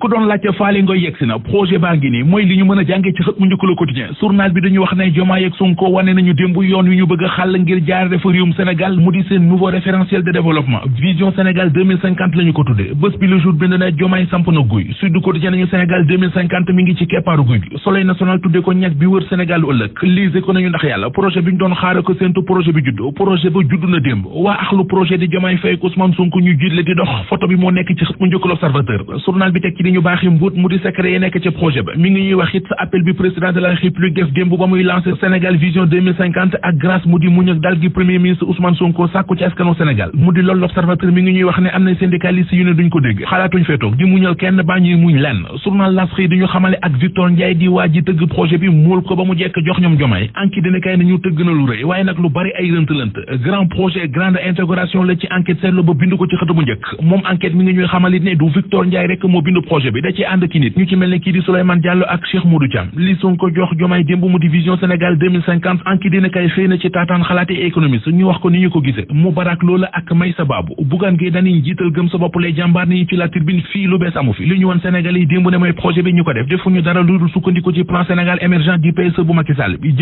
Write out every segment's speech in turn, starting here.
ku doon laajte faali ngoy yegsi na projet baa ngi nii mooy li ñu mën a jàngee ci xët mu njëkk la quotidien journal bi dañuy wax ne Diomaye ak Sonko wane nañu démb yoon wi ñu bëgg a xàll ngir jaarale fa réewum Sénégal mu di seen nouveau référentiel de développement vision Sénégal 2050 ko tuddee bés bi le jour bind na samp na guy Sud Quotidien nañu Sénégal mi ngi ci keppaaru guy bi Soleil national tuddee ko ñag bi wër Sénégal ëllëg lise ko ko séntu gi ñu baaxi mbuut mu di secret yi nekk ci projet ba mi ngi ñuy wax appel bi président de la république def démb ba muy lancé Sénégal vision 2050 ak grâce mu di muñ ak dal gi premier ministre Ousmane Sonko sàkku ci askanu Sénégal mu di loolu l'observateur mi ngi ñuy wax ne am na syndicaliste yu ne duñ ko dégg xalaatuñ fee toog di muñal kenn baa ñuy muñ lenn journal L'As di ñu xamale ak Victor Ndiaye di waa tëgg projet bi muul ko ba mu jekk projet bi da ci ànd ki nit ñu ci mel ne kii di mu di ko ci la tribune fii lu ne mooy projet bi ñu ko def defuñu e bu Macky Sall bi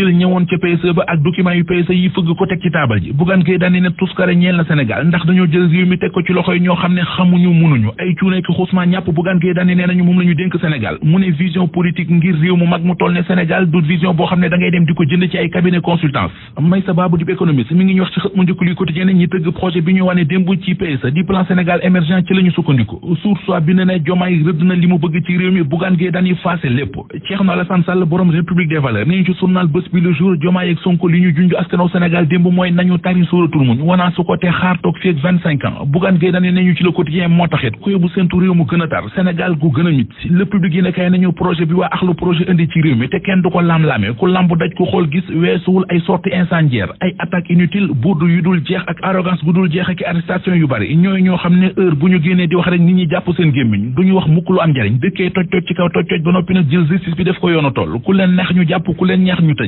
e e ne tuskare ñeel na Sénégal ndax dañoo jël réew mi teg ko ci loxoy ñoo xam ne xamuñu munuñu ay cuune ki xusma ñàpp Bougane Gueye Dany ne nee moom la dénk Sénégal mu ne vision politique ngir réew mu mag mu toll ne Sénégal du vision boo xam ne da ngay dem di ko jënd ci ay cabinet consultance may sa baabu dib économiste mi ngi wax ci xët mu njëkk luy quotidien tëgg projet bi ñu wane démb ci PSE di plan Sénégal émergent ci la sukkandiku sursoi bi ne ne jomaay rëdd na li mu bëgg ci réew mi buggaan gee daan faase lépp Thierno Alassane Sall borom république des valeurs ni ñu ci ñu ci le gu gën a mit le public nañu projet bi waa axlu projet indi ci réew mi te kenn du ko lam-lame ku lamb daj ko xool gis weesuwul ay sortie incendiaire ay attaque inutile burdu yu dul jeex ak arrogance gu dul jeex ak arrestation yu bari ñooy ñoo xam ne heure bu ñu génnee di wax rek nit ñi jàpp seen gémmiñ duñu wax mukk lu am njariñ dëkkee toj toj ci kaw toj toj ba noppi nag jël justice bi def ko yoonu toll ku leen neex ñu jàpp ku leen ñeex ñu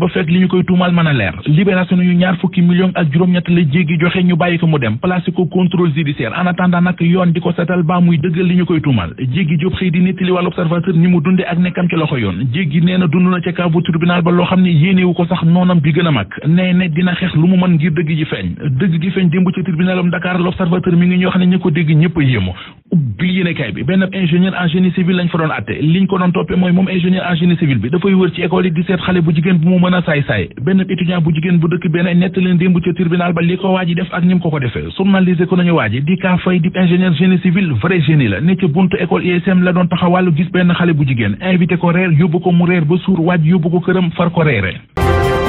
ba fekk li ñu koy tuumal mën a leer libération nañu ñaar fukki million ak juróom-ñett la jéggi joxe ñu bàyyi ko mu dem placé ko contrôle judiciaire en attendant nag yoon di ko setal ba muy dëgg li ñu koy tuumaal jéggi Jóob xëy di nettali wàllu observateur ni mu dundee ak nekkam ci loxo yoon jéggi nee na dund na ca kaabu tribunal ba loo xam ne yéenewu ko sax noonam bi gën a mag nee ne dina xeex lu mu mën ngir dëgg ji feeñ dëgg ji feeñ démb ci tribunalum Dakar l'observateur mi ngi ñoo xam ne ñu ko dégg ñëpp a yéemu ubbi yéenekaay bi benn ingénieur en génie civil lañ fa doon atte liñ ko doon toppee mooy moom ingénieur en génie civil bi dafay wër ci école yi di seet xale bu jigéen bu mu mën a saay-saay benn étudiant bu jigéen bu dëkk benn nett leen démb ca tribunal ba li ko waa ji def ak ni mu ko ko defee journalisé ko nañu waa ji di kaa di ingénieur génie civil vrai génie la ne buntu école ISM la doon taxawàllu gis benn xale bu jigéen invité